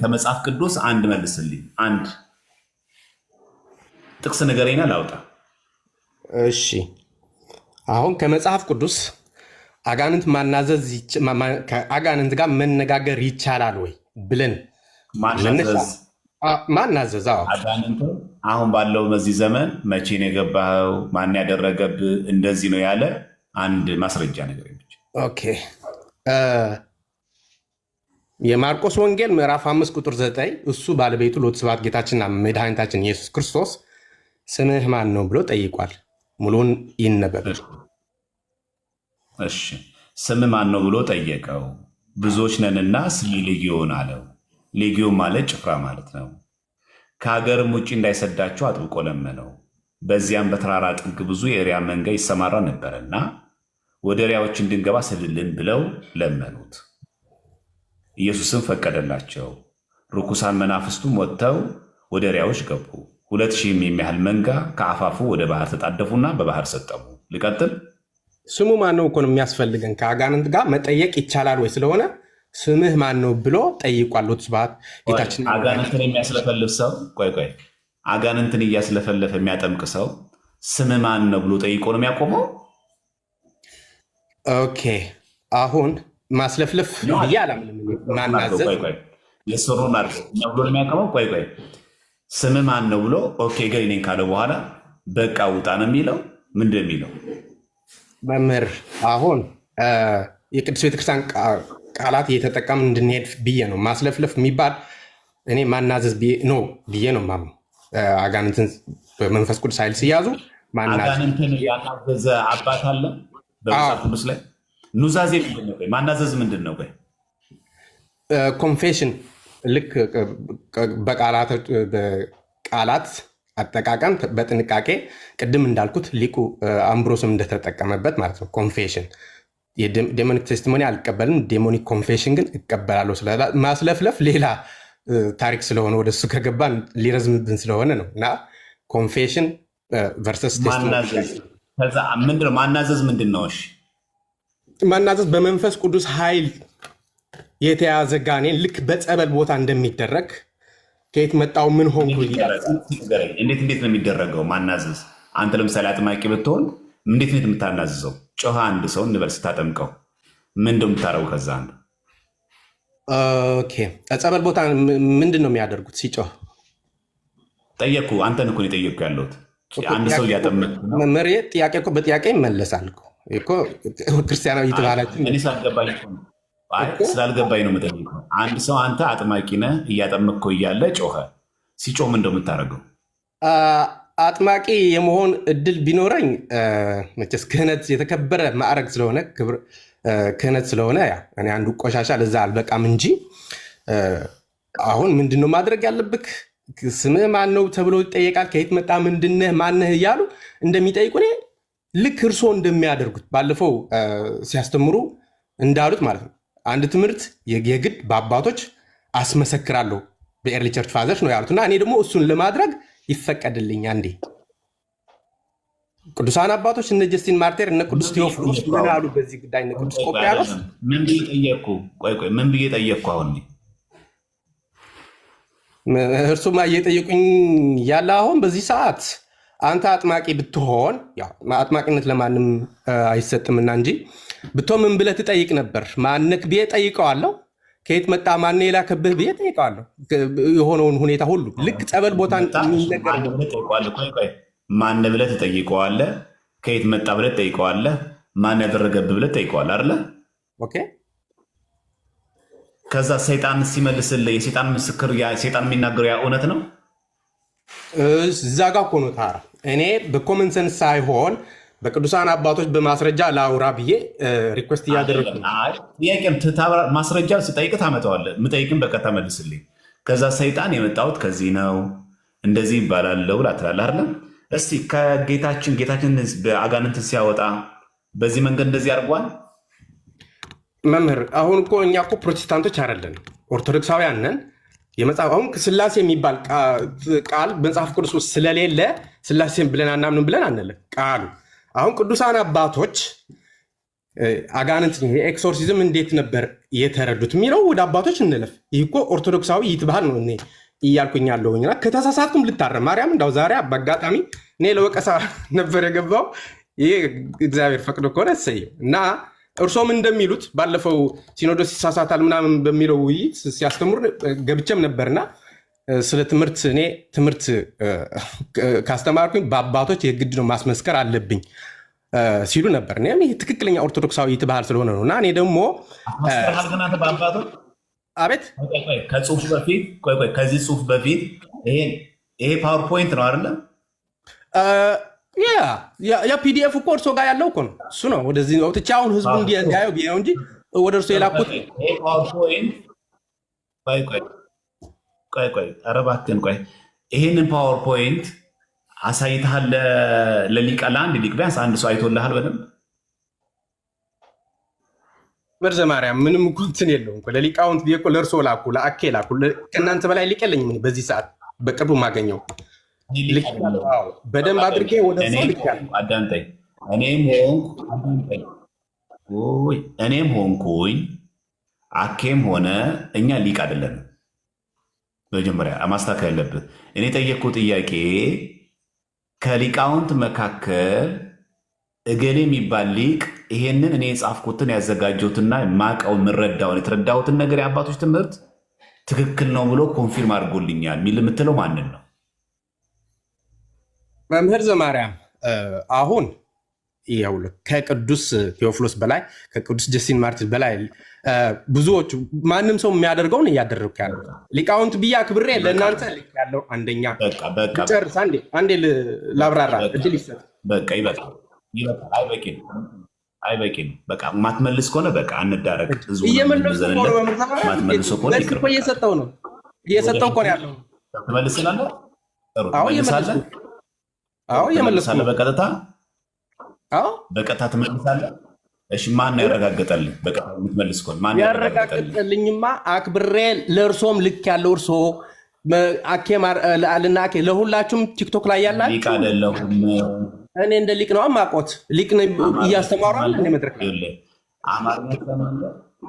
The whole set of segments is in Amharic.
ከመጽሐፍ ቅዱስ አንድ መልስልኝ። አንድ ጥቅስ ንገረኝና ላውጣ። እሺ አሁን ከመጽሐፍ ቅዱስ አጋንንት ማናዘዝ ከአጋንንት ጋር መነጋገር ይቻላል ወይ ብለን ማናዘዝ ማን አዘዝ? አሁን ባለው በዚህ ዘመን መቼ ነው የገባኸው? ማን ያደረገብ እንደዚህ ነው ያለ አንድ ማስረጃ ነገር ኦኬ የማርቆስ ወንጌል ምዕራፍ አምስት ቁጥር ዘጠኝ እሱ ባለቤቱ ሎት ስብሐት ጌታችንና መድኃኒታችን ኢየሱስ ክርስቶስ ስምህ ማን ነው ብሎ ጠይቋል። ሙሉን ይነበባል። እሺ ስም ማን ነው ብሎ ጠየቀው። ብዙዎች ነንና ልዩ ልግዮን አለው። ሌጊዮን ማለት ጭፍራ ማለት ነው። ከሀገርም ውጭ እንዳይሰዳቸው አጥብቆ ለመነው። በዚያም በተራራ ጥግ ብዙ የእሪያ መንጋ ይሰማራ ነበርና ወደ እሪያዎች እንድንገባ ስልልን ብለው ለመኑት። ኢየሱስም ፈቀደላቸው። ርኩሳን መናፍስቱም ወጥተው ወደ እሪያዎች ገቡ። ሁለት ሺህም የሚያህል መንጋ ከአፋፉ ወደ ባህር ተጣደፉና በባህር ሰጠሙ። ልቀጥል። ስሙ ማነው እኮ ነው የሚያስፈልገን። ከአጋንንት ጋር መጠየቅ ይቻላል ወይ ስለሆነ ስምህ ማን ነው ብሎ ጠይቋል። ሎት ስብሐት ጌታችን አጋንንትን የሚያስለፈልፍ ሰው ቆይ ቆይ አጋንንትን እያስለፈለፈ የሚያጠምቅ ሰው ስም ማን ነው ብሎ ጠይቆ ነው የሚያቆመው። ኦኬ አሁን ማስለፍለፍ ብዬ አላምንም። ማናዘዝ የስሩን አር ብሎ ነው የሚያቆመው። ቆይ ቆይ ስም ማን ነው ብሎ ኦኬ ገሊኔን ካለ በኋላ በቃ ውጣ ነው የሚለው። ምንድን የሚለው መምህር አሁን የቅዱስ ቤተክርስቲያን ቃላት እየተጠቀም እንድንሄድ ብዬ ነው። ማስለፍለፍ የሚባል እኔ ማናዘዝ ነው ብዬ ነው ማም አጋንንትን በመንፈስ ቅዱስ ኃይል ሲያዙ አጋንንትን ያናዘዘ አባት አለ በመጽሐፍ ቅዱስ ላይ። ኑዛዜ ምንድን ነው? ማናዘዝ ምንድን ነው? ኮንፌሽን ልክ በቃላት አጠቃቀም በጥንቃቄ ቅድም እንዳልኩት ሊቁ አምብሮስም እንደተጠቀመበት ማለት ነው ኮንፌሽን የዴሞኒክ ቴስቲሞኒ አልቀበልም፣ ዴሞኒክ ኮንፌሽን ግን እቀበላለሁ። ማስለፍለፍ ሌላ ታሪክ ስለሆነ ወደ እሱ ከገባን ሊረዝምብን ስለሆነ ነው እና ኮንፌሽን ቨርሰስ ማናዘዝ ምንድን ነው? ማናዘዝ በመንፈስ ቅዱስ ኃይል የተያዘ ጋኔን ልክ በጸበል ቦታ እንደሚደረግ ከየት መጣው ምን ሆንኩ እንዴት እንዴት ነው የሚደረገው ማናዘዝ? አንተ ለምሳሌ አጥማቂ ብትሆን እንዴት እንዴት የምታናዝዘው? ጮኸ አንድ ሰው እንበል ስታጠምቀው ምን እንደምታረው ከዛ አንዱ ኦኬ ጸበል ቦታ ምንድን ነው የሚያደርጉት ሲጮህ ጠየቅኩ አንተን እኮ የጠየቅኩ ያለሁት አንድ ሰው ሊያጠምቅ መሬት ጥያቄ እኮ በጥያቄ ይመለሳል ክርስቲያናዊ የተባላችሁ ስላልገባኝ ነው የምጠይቀው አንድ ሰው አንተ አጥማቂ ነህ እያጠመቅከው እያለ ጮኸ ሲጮህ ምን እንደምታደርገው አጥማቂ የመሆን እድል ቢኖረኝ መቼስ ክህነት የተከበረ ማዕረግ ስለሆነ ክህነት ስለሆነ እኔ አንዱ ቆሻሻ ለዛ አልበቃም እንጂ አሁን ምንድን ነው ማድረግ ያለብክ? ስምህ ማን ነው ተብሎ ይጠየቃል። ከየት መጣ ምንድነህ ማነህ እያሉ እንደሚጠይቁ እኔ ልክ እርሶ እንደሚያደርጉት ባለፈው ሲያስተምሩ እንዳሉት ማለት ነው። አንድ ትምህርት የግድ በአባቶች አስመሰክራለሁ በኤርሊ ቸርች ፋዘርስ ነው ያሉት እና እኔ ደግሞ እሱን ለማድረግ ይፈቀድልኝ አንዴ ቅዱሳን አባቶች እነ ጀስቲን ማርቴር እነ ቅዱስ ቴዎፍሎስ ምን አሉ በዚህ ጉዳይ? እነ ቅዱስ ቆጵያኖስ ምን ብዬ ጠየቅኩ? ቆይ ቆይ ምን ብዬ ጠየቅኩ? አሁን እርሱማ እየጠየቁኝ ያለ አሁን በዚህ ሰዓት አንተ አጥማቂ ብትሆን አጥማቂነት ለማንም አይሰጥምና እንጂ ብትሆን ምን ብለህ ትጠይቅ ነበር? ማነክ ብዬ ጠይቀዋለሁ። ከየት መጣ ማን የላከብህ ብዬ ጠይቀዋለሁ። የሆነውን ሁኔታ ሁሉ ልክ ጸበል ቦታ ማነ ብለህ ትጠይቀዋለህ። ከየት መጣ ብለህ ትጠይቀዋለህ። ማን ያደረገብህ ብለህ ትጠይቀዋለህ አይደለ? ከዛ ሰይጣን ሲመልስልህ የሰይጣን ምስክር ሰይጣን የሚናገሩ ያ እውነት ነው። እዛ ጋ እኮ ነው ታዲያ እኔ በኮመንሰንስ ሳይሆን በቅዱሳን አባቶች በማስረጃ ለአውራ ብዬ ሪኩዌስት እያደረግኩ ማስረጃ ስጠይቅ ታመጣዋለህ። የምጠይቅም በቃ ተመልስልኝ። ከዛ ሰይጣን የመጣሁት ከዚህ ነው እንደዚህ ይባላል ለውል አትላለ አይደለም? እስቲ ከጌታችን ጌታችን በአጋንንትን ሲያወጣ በዚህ መንገድ እንደዚህ አድርጓል። መምህር አሁን እኮ እኛ እኮ ፕሮቴስታንቶች አይደለን ኦርቶዶክሳውያን ነን። የመጽሐፍ አሁን ስላሴ የሚባል ቃል መጽሐፍ ቅዱስ ውስጥ ስለሌለ ስላሴን ብለን አናምንም ብለን አንለን ቃሉ አሁን ቅዱሳን አባቶች አጋንንት ኤክሶርሲዝም እንዴት ነበር የተረዱት የሚለው ወደ አባቶች እንለፍ። ይህ እኮ ኦርቶዶክሳዊ ይትባህል ነው እኔ እያልኩኝ ያለሁኝና ከተሳሳትኩም ልታረም ማርያም እንዳው ዛሬ በአጋጣሚ እኔ ለወቀሳ ነበር የገባው። ይህ እግዚአብሔር ፈቅዶ ከሆነ እሰየው እና እርሶም እንደሚሉት ባለፈው ሲኖዶስ ይሳሳታል ምናምን በሚለው ውይይት ሲያስተምሩ ገብቼም ነበርና ስለ ትምህርት እኔ ትምህርት ካስተማርኩኝ በአባቶች የግድ ነው ማስመስከር አለብኝ ሲሉ ነበር። እኔም ይህ ትክክለኛ ኦርቶዶክሳዊ ባህል ስለሆነ ነው እና እኔ ደግሞ አቤት ከጽሁፍ በፊት ከዚህ ጽሁፍ በፊት ይሄ ፓወርፖይንት ነው አይደለም? ያ ፒዲኤፍ እኮ እርሶ ጋር ያለው እኮ ነው። እሱ ነው ወደዚህ ወጥቼ አሁን ህዝቡ እንዲያየው ብዬ ነው እንጂ ወደ እርሶ የላኩት ፓወርፖይንት ቆይ ቆይ፣ ኧረ እባክህን ቆይ። ይህንን ፓወር ፖይንት አሳይተሃል ለሊቀ ለአንድ ሊቅ ቢያንስ አንድ ሰው አይቶልሃል በደንብ መርዘ ማርያም ምንም እኮ እንትን የለውም እኮ ለሊቃውንት ብዬ እኮ ለእርሶ ላኩ፣ ለአኬ ላኩ። ከእናንተ በላይ ሊቅ የለኝም በዚህ ሰዓት በቅርቡ ማገኘው በደንብ አድርጌ ወደ አዳምጠኝ። እኔም ሆንኩ እኔም ሆንኩኝ አኬም ሆነ እኛ ሊቅ አይደለንም። መጀመሪያ ማስታከል ያለብህ እኔ ጠየቅኩ ጥያቄ ከሊቃውንት መካከል እገሌ የሚባል ሊቅ ይሄንን እኔ የጻፍኩትን ያዘጋጀሁትና ማቀው የምረዳውን የተረዳሁትን ነገር የአባቶች ትምህርት ትክክል ነው ብሎ ኮንፊርም አድርጎልኛል የሚል የምትለው ማንን ነው? መምህር ዘማርያም አሁን ያውሉ ከቅዱስ ቴዎፍሎስ በላይ ከቅዱስ ጀስቲን ማርቲን በላይ ብዙዎቹ ማንም ሰው የሚያደርገውን እያደረግ ያለ ሊቃውንት ብዬ አክብሬ ለእናንተ ልክ ያለው አንደኛ ጨርስ። አንዴ ላብራራ እድል ይሰጥ። በቃ ይበቃል፣ ይበቃል። አይበቂ አይበቂ ነው። በቃ ማትመልስ ከሆነ በቃ አንዳረግ። እየመለሱ ማትመልሶ ከሆነ እየሰጠው ነው እየሰጠው እኮ ነው ያለው። ትመልስላለህ? ጥሩ ትመልሳለህ። አዎ እየመለሱ በቀጥታ በቀጥታ ትመልሳለህ? እሺ ማን ያረጋገጠልኝ? በቀጥታ የምትመልስ ከሆነ ማን ያረጋገጠልኝማ? አክብሬ ለእርሶም ልክ ያለው እርሶ አኬ ለሁላችሁም ቲክቶክ ላይ ያላችሁ ሊቅ አይደለሁም እኔ እንደ ሊቅ ነው አማቆት ሊቅ እያስተማሯል መድረክ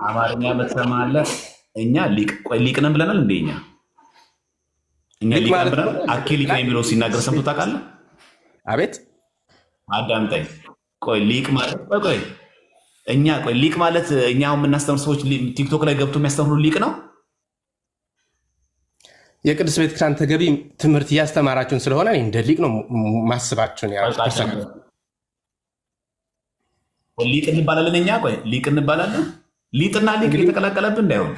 አማርኛ መሰማለህ? እኛ ሊቅንም ብለናል እንደ ኛ እኛ ሊቅ ብለናል። አኬ ሊቅ የሚለው ሲናገር ሰምቶ ታውቃለህ? አቤት አዳምጠኝ። ቆይ ሊቅ ማለት ቆይ እኛ ቆይ ሊቅ ማለት እኛ የምናስተምር ሰዎች ቲክቶክ ላይ ገብቶ የሚያስተምሩ ሊቅ ነው። የቅዱስ ቤተክርስቲያን ተገቢ ትምህርት እያስተማራችሁን ስለሆነ እንደ ሊቅ ነው ማስባችሁን። ሊቅ እንባላለን እኛ። ቆይ ሊቅ እንባላለን። ሊጥና ሊቅ የተቀላቀለብን እንዳይሆን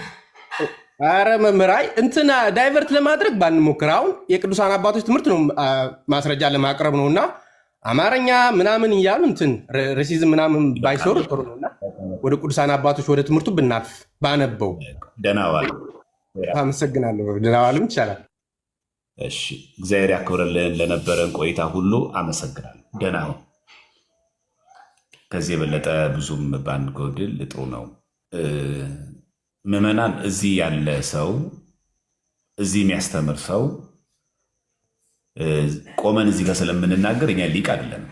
አረ መምህራይ እንትና ዳይቨርት ለማድረግ ባንሞክር። አሁን የቅዱሳን አባቶች ትምህርት ነው ማስረጃ ለማቅረብ ነው እና አማርኛ ምናምን እያሉ እንትን ሬሲዝም ምናምን ባይሰሩ ጥሩ እና ወደ ቅዱሳን አባቶች ወደ ትምህርቱ ብናልፍ ባነበው። ደናዋል አመሰግናለሁ። ደናዋልም ይቻላል። እሺ፣ እግዚአብሔር ያክብረልን ለነበረን ቆይታ ሁሉ አመሰግናለሁ። ደና ነው። ከዚህ የበለጠ ብዙም ባንጎድል ጥሩ ነው። ምዕመናን፣ እዚህ ያለ ሰው እዚህ የሚያስተምር ሰው ቆመን እዚህ ጋር ስለምንናገር እኛ ሊቅ አይደለም።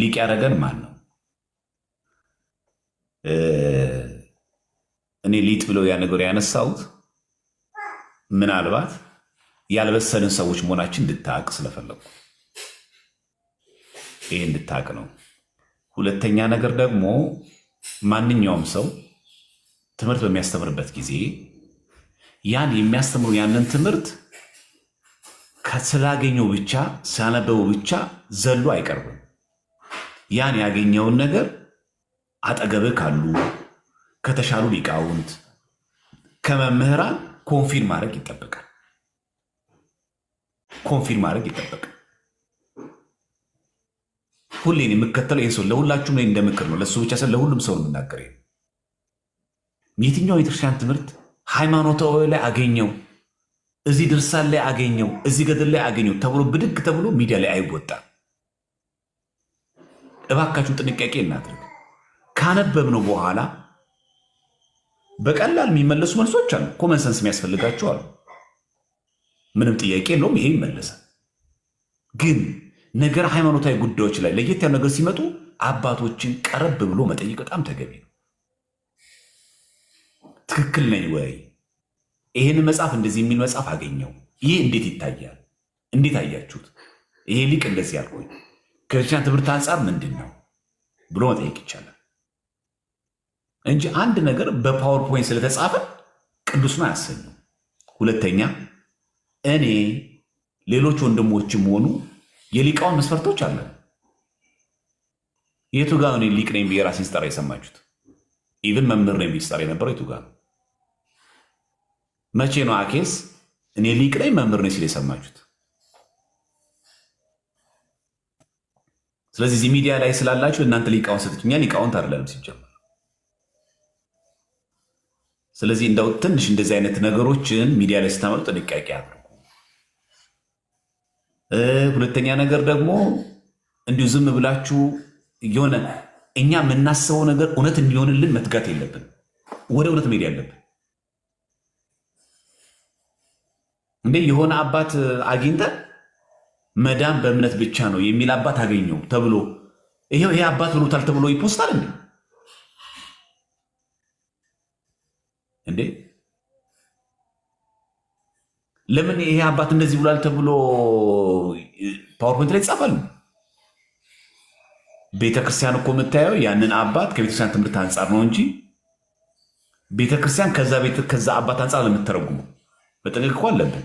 ሊቅ ያደረገን ማን ነው? እኔ ሊጥ ብለው ያ ነገር ያነሳሁት ምናልባት ያልበሰልን ሰዎች መሆናችን እንድታቅ ስለፈለጉ ይሄ እንድታቅ ነው። ሁለተኛ ነገር ደግሞ ማንኛውም ሰው ትምህርት በሚያስተምርበት ጊዜ ያን የሚያስተምሩ ያንን ትምህርት ከስላገኘው ብቻ ሲያነበው ብቻ ዘሎ አይቀርብም። ያን ያገኘውን ነገር አጠገብህ ካሉ ከተሻሉ ሊቃውንት ከመምህራን ኮንፊር ማድረግ ይጠበቃል። ኮንፊር ማድረግ ይጠበቃል። ሁሌን የምከተለው ይህ ሰው ለሁላችሁም ላይ እንደምክር ነው። ለሱ ብቻ ሰ ለሁሉም ሰው የምናገር የትኛው የቤተክርስቲያን ትምህርት ሃይማኖታዊ ላይ አገኘው እዚህ ድርሳን ላይ አገኘው፣ እዚህ ገድል ላይ አገኘው ተብሎ ብድግ ተብሎ ሚዲያ ላይ አይወጣም። እባካችሁን ጥንቃቄ እናድርግ። ካነበብነው በኋላ በቀላል የሚመለሱ መልሶች አሉ። ኮመንሰንስ የሚያስፈልጋቸው አሉ። ምንም ጥያቄ የለውም። ይሄ ይመለሳል። ግን ነገር ሃይማኖታዊ ጉዳዮች ላይ ለየት ያሉ ነገር ሲመጡ አባቶችን ቀረብ ብሎ መጠየቅ በጣም ተገቢ ነው። ትክክል ነኝ ወይ ይህን መጽሐፍ እንደዚህ የሚል መጽሐፍ አገኘው። ይህ እንዴት ይታያል? እንዴት አያችሁት? ይሄ ሊቅ እንደዚህ ያልኩኝ ከክርስቲያን ትምህርት አንጻር ምንድን ነው ብሎ መጠየቅ ይቻላል እንጂ አንድ ነገር በፓወርፖይንት ስለተጻፈ ቅዱስ ነው አያሰኙም። ሁለተኛ እኔ ሌሎች ወንድሞችም ሆኑ የሊቃውን መስፈርቶች አለ። የቱ እኔ ሊቅ ነኝ ብዬ ራሴን ስጠራ የሰማችሁት? ኢቨን መምህር ነው የሚስጠራ የነበረው የቱ ነው? መቼ ነው አኬስ እኔ ሊቅ ላይ መምህር ነኝ ሲል የሰማችሁት? ስለዚህ እዚህ ሚዲያ ላይ ስላላችሁ እናንተ ሊቃውን እኛ ሊቃውንት አይደለም ሲጀመር። ስለዚህ እንደው ትንሽ እንደዚህ አይነት ነገሮችን ሚዲያ ላይ ስታመጡ ጥንቃቄ አድርጉ። ሁለተኛ ነገር ደግሞ እንዲሁ ዝም ብላችሁ የሆነ እኛ የምናስበው ነገር እውነት እንዲሆንልን መትጋት የለብን። ወደ እውነት መሄድ ያለብን እንዴ የሆነ አባት አግኝተ መዳም በእምነት ብቻ ነው የሚል አባት አገኘው ተብሎ ይሄው ይሄ አባት ብሎታል ተብሎ ይፖስታል እንዴ? እንዴ ለምን ይሄ አባት እንደዚህ ብሏል ተብሎ ፓወርፖይንት ላይ ይጻፋል? ቤተክርስቲያን እኮ የምታየው ያንን አባት ከቤተክርስቲያን ትምህርት አንጻር ነው እንጂ ቤተክርስቲያን ከዛ አባት አንጻር ነው የምትተረጉመው። አለብን።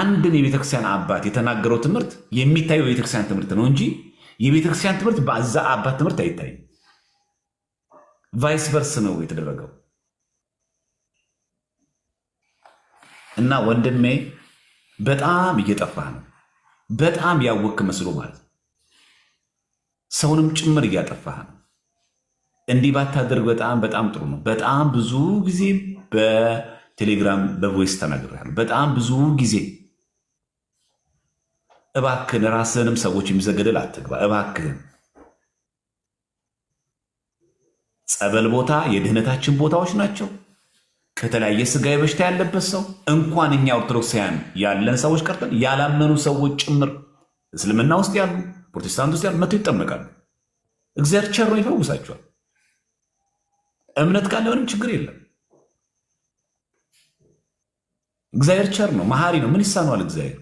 አንድን የቤተክርስቲያን አባት የተናገረው ትምህርት የሚታየው የቤተክርስቲያን ትምህርት ነው እንጂ የቤተክርስቲያን ትምህርት በዛ አባት ትምህርት አይታይም። ቫይስ ቨርስ ነው የተደረገው እና ወንድሜ በጣም እየጠፋ ነው። በጣም ያወክ መስሎ ማለት ሰውንም ጭምር እያጠፋ ነው። እንዲህ ባታደርግ በጣም በጣም ጥሩ ነው። በጣም ብዙ ጊዜ በቴሌግራም በቮይስ ተናግሬሃለሁ። በጣም ብዙ ጊዜ እባክህን ራስህንም ሰዎች የሚዘገድል አትግባ። እባክህን ጸበል ቦታ የድህነታችን ቦታዎች ናቸው። ከተለያየ ስጋዊ በሽታ ያለበት ሰው እንኳን እኛ ኦርቶዶክሳውያን ያለን ሰዎች ቀርተን ያላመኑ ሰዎች ጭምር እስልምና ውስጥ ያሉ፣ ፕሮቴስታንት ውስጥ ያሉ መጥተው ይጠመቃሉ። እግዚአብሔር ቸሮ ይፈውሳቸዋል። እምነት ካለ ምንም ችግር የለም። እግዚአብሔር ቸር ነው፣ መሐሪ ነው። ምን ይሳነዋል እግዚአብሔር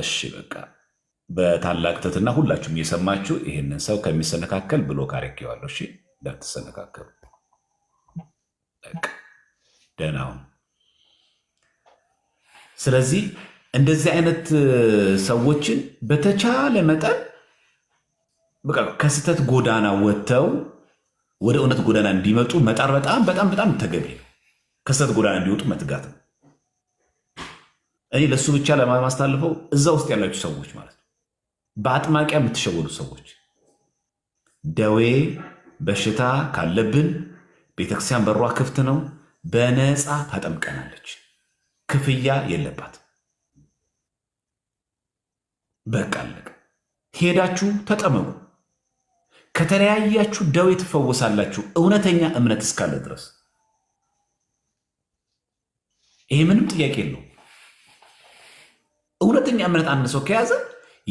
እሺ በቃ በታላቅ ትህትና ሁላችሁም እየሰማችሁ ይህንን ሰው ከሚሰነካከል ብሎ ካረጌዋለሁ። እሺ እንዳትሰነካከሉ። ደህናውን ስለዚህ እንደዚህ አይነት ሰዎችን በተቻለ መጠን በቃ ከስህተት ጎዳና ወጥተው ወደ እውነት ጎዳና እንዲመጡ መጣር በጣም በጣም በጣም ተገቢ ነው። ከስህተት ጎዳና እንዲወጡ መትጋት ነው። እኔ ለእሱ ብቻ ለማስታልፈው እዛ ውስጥ ያላችሁ ሰዎች ማለት ነው። በአጥማቂያ የምትሸወዱ ሰዎች ደዌ በሽታ ካለብን ቤተክርስቲያን በሯ ክፍት ነው። በነፃ ታጠምቀናለች። ክፍያ የለባት። በቃ አለቀ። ሄዳችሁ ተጠመቁ። ከተለያያችሁ ደዌ ትፈወሳላችሁ። እውነተኛ እምነት እስካለ ድረስ ይሄ ምንም ጥያቄ የለው። እውነተኛ እምነት አንድ ሰው ከያዘ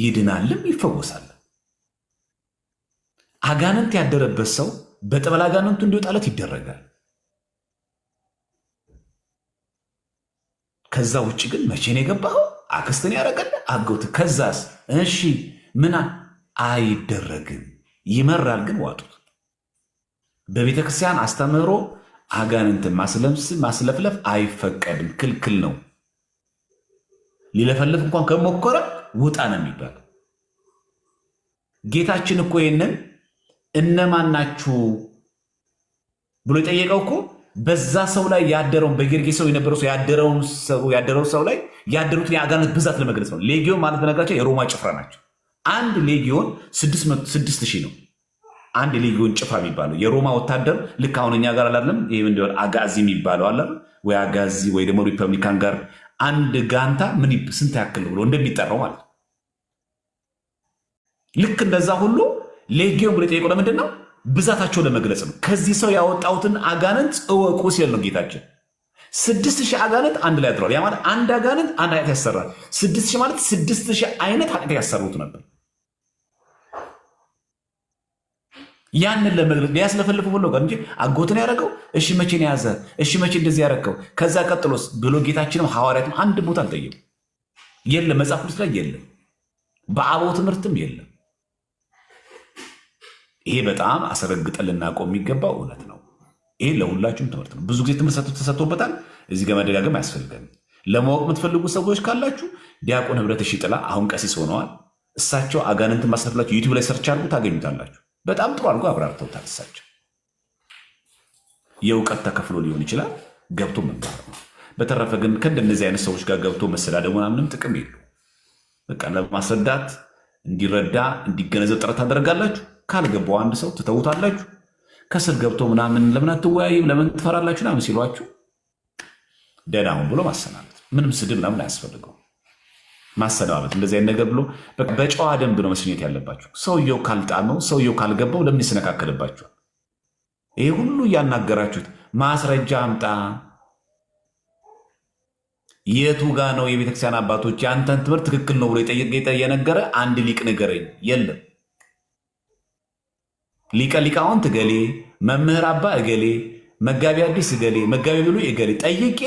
ይድናልም ይፈወሳል። አጋንንት ያደረበት ሰው በጠበል አጋንንቱ እንዲወጣለት ይደረጋል። ከዛ ውጭ ግን መቼ ነው የገባኸው? አክስትን ያረቀል አጎት። ከዛስ እሺ ምና አይደረግም። ይመራል ግን ዋጡት። በቤተ ክርስቲያን አስተምህሮ አጋንንትን ማስለፍለፍ አይፈቀድም፣ ክልክል ነው። ሊለፈልፍ እንኳን ከሞከረ ውጣ ነው የሚባል። ጌታችን እኮ ይህንን እነማናችሁ ብሎ የጠየቀው እኮ በዛ ሰው ላይ ያደረውን በጌርጌ ሰው የነበረው ሰው ያደረውን ሰው ላይ ያደሩትን የአጋንንት ብዛት ለመግለጽ ነው። ሌጊዮን ማለት በነገራቸው የሮማ ጭፍራ ናቸው። አንድ ሌጊዮን ስድስት ሺህ ነው። አንድ ሌጊዮን ጭፍራ የሚባለው የሮማ ወታደር ልክ አሁን እኛ ጋር አላለም። ይህ አጋዚ የሚባለው አለ ወይ አጋዚ ወይ ደግሞ ሪፐብሊካን ጋር አንድ ጋንታ ምን ስንት ያክል ብሎ እንደሚጠራው ማለት ነው። ልክ እንደዛ ሁሉ ሌጊዮን ብሎ የጠየቀው ለምንድን ነው? ብዛታቸው ለመግለጽ ነው። ከዚህ ሰው ያወጣሁትን አጋንንት እወቁ ሲል ነው ጌታችን። ስድስት ሺህ አጋንንት አንድ ላይ አድረዋል። ያ ማለት አንድ አጋንንት አንድ አይነት ያሰራል። ስድስት ሺህ ማለት ስድስት ሺህ አይነት ኃጢአት ያሰሩት ነበር። ያንን ለመግለጽ ሊያስለፈልፉ ጋር እንጂ አጎትን ያደረገው እሺ፣ መቼን የያዘ? እሺ፣ መቼ እንደዚህ ያደረገው? ከዛ ቀጥሎስ ብሎ ጌታችንም ሐዋርያትም አንድ ቦታ አልጠየቁም። የለም፣ መጽሐፍ ቅዱስ ላይ የለም፣ በአበው ትምህርትም የለም። ይሄ በጣም አስረግጠን ልናውቀው የሚገባው እውነት ነው። ይሄ ለሁላችሁም ትምህርት ነው። ብዙ ጊዜ ትምህርት ተሰጥቶበታል። እዚህ ጋር መደጋገም አያስፈልገንም። ለማወቅ የምትፈልጉ ሰዎች ካላችሁ ዲያቆን ህብረት እሺ ጥላ አሁን ቀሲስ ሆነዋል። እሳቸው አጋንንትን ማስለፍላችሁ ዩቲዩብ ላይ ሰርች አድርጉ ታገኙታላችሁ። በጣም ጥሩ አድርጎ አብራርተውታል። እሳቸው የእውቀት ተከፍሎ ሊሆን ይችላል ገብቶ መማር ነው። በተረፈ ግን ከእንደነዚህ አይነት ሰዎች ጋር ገብቶ መሰዳደቡ ምናምንም ጥቅም የሉ። በቃ ለማስረዳት እንዲረዳ እንዲገነዘብ ጥረት ታደርጋላችሁ። ካልገባው አንድ ሰው ትተውታላችሁ። ከስር ገብቶ ምናምን ለምን አትወያይም ለምን ትፈራላችሁ ምናምን ሲሏችሁ ደህና ሁን ብሎ ማሰናበት ምንም ስድብ ምናምን አያስፈልገው። ማሰነባበት እንደዚህ አይነት ነገር ብሎ በጨዋ ደንብ ነው መስኘት ያለባቸው። ሰውየው ካልጣመው ሰውየው ካልገባው ለምን ይሰነካከልባቸዋል? ይሄ ሁሉ እያናገራችሁት ማስረጃ አምጣ። የቱ ጋ ነው የቤተክርስቲያን አባቶች የአንተን ትምህርት ትክክል ነው ብሎ የነገረ አንድ ሊቅ ንገረኝ? የለም። ሊቀ ሊቃውንት እገሌ፣ መምህር አባ እገሌ፣ መጋቢ አዲስ እገሌ፣ መጋቢ ብሉይ እገሌ ጠይቄ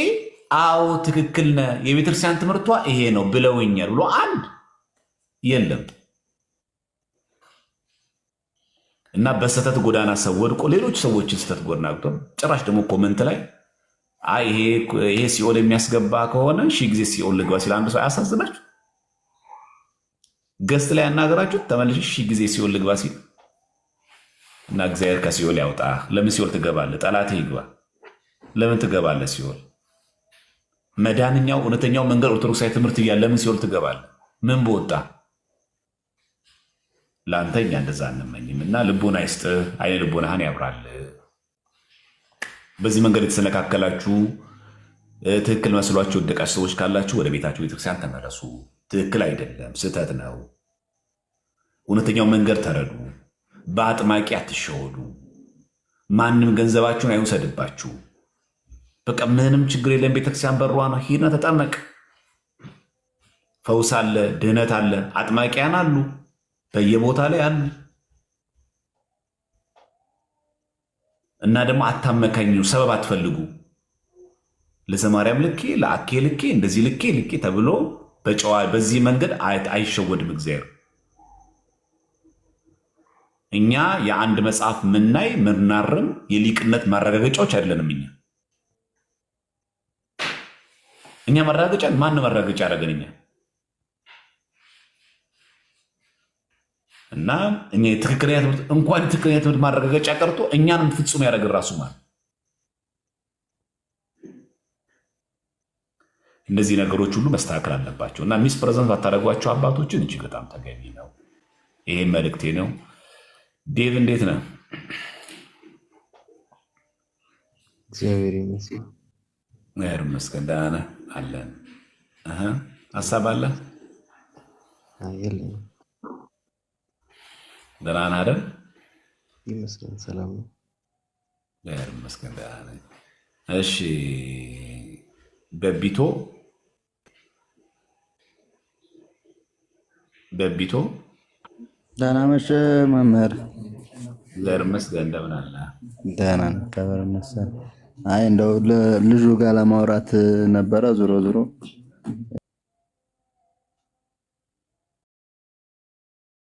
አዎ ትክክል ነህ፣ የቤተክርስቲያን ትምህርቷ ይሄ ነው ብለውኛል ብሎ አንድ የለም እና በስህተት ጎዳና ሰው ወድቆ ሌሎች ሰዎችን ስህተት ጎዳና ግቶ ጭራሽ ደግሞ ኮመንት ላይ ይሄ ሲኦል የሚያስገባ ከሆነ ሺህ ጊዜ ሲኦል ልግባ ሲል አንዱ ሰው አያሳዝናችሁ? ገስት ላይ ያናገራችሁ ተመልሽ ሺህ ጊዜ ሲኦል ልግባ ሲል እና እግዚአብሔር ከሲኦል ያውጣ። ለምን ሲኦል ትገባለህ? ጠላትህ ይግባ። ለምን ትገባለህ ሲኦል? መዳንኛው እውነተኛው መንገድ ኦርቶዶክሳዊ ትምህርት እያለ ለምን ሲኦል ትገባል? ምን በወጣ ለአንተ እኛ እንደዛ አንመኝም እና ልቦና አይስጥ አይነ ልቦናህን ያብራል። በዚህ መንገድ የተሰነካከላችሁ ትክክል መስሏችሁ ወደቃችሁ ሰዎች ካላችሁ ወደ ቤታችሁ ቤተክርስቲያን ተመለሱ። ትክክል አይደለም፣ ስህተት ነው። እውነተኛው መንገድ ተረዱ። በአጥማቂ አትሸወዱ። ማንም ገንዘባችሁን አይውሰድባችሁ። በቃ ምንም ችግር የለም። ቤተክርስቲያን በሯ ነው፣ ሂድና ተጠመቅ። ፈውስ አለ፣ ድህነት አለ፣ አጥማቂያን አሉ፣ በየቦታ ላይ አሉ። እና ደግሞ አታመካኙ፣ ሰበብ አትፈልጉ። ለሰማርያም ልኬ፣ ለአኬ ልኬ፣ እንደዚህ ልኬ ልኬ ተብሎ በጨዋ በዚህ መንገድ አይሸወድም እግዚአብሔር። እኛ የአንድ መጽሐፍ ምናይ ምናርም የሊቅነት ማረጋገጫዎች አይደለንም እኛ እኛ መራገጫ ማን መራገጫ ያደረገን? እኛ እና እኛ የትክክለኛ ትምህርት እንኳን የትክክለኛ ትምህርት ማረጋገጫ ቀርቶ እኛንም ፍጹም ያደረግን ራሱ ማለት እነዚህ ነገሮች ሁሉ መስተካከል አለባቸው እና ሚስ ፕሬዘንት ባታደረጓቸው አባቶችን እጅግ በጣም ተገቢ ነው። ይሄ መልእክቴ ነው። ዴቭ እንዴት ነው? እግዚአብሔር ይመስገን። ደህና ነህ? አለን። ሀሳብ አለ ደህና ነህ አይደል? ይመስገን ሰላም ነው። ይመስገን ደህና ነኝ። እሺ በቢቶ በቢቶ ደህና መሸህ መምህር። ዘር መስገን እንደምን አለ? ደህና ነህ? ከበር መሰል አይ እንደው ልጁ ጋር ለማውራት ነበረ ዞሮ ዞሮ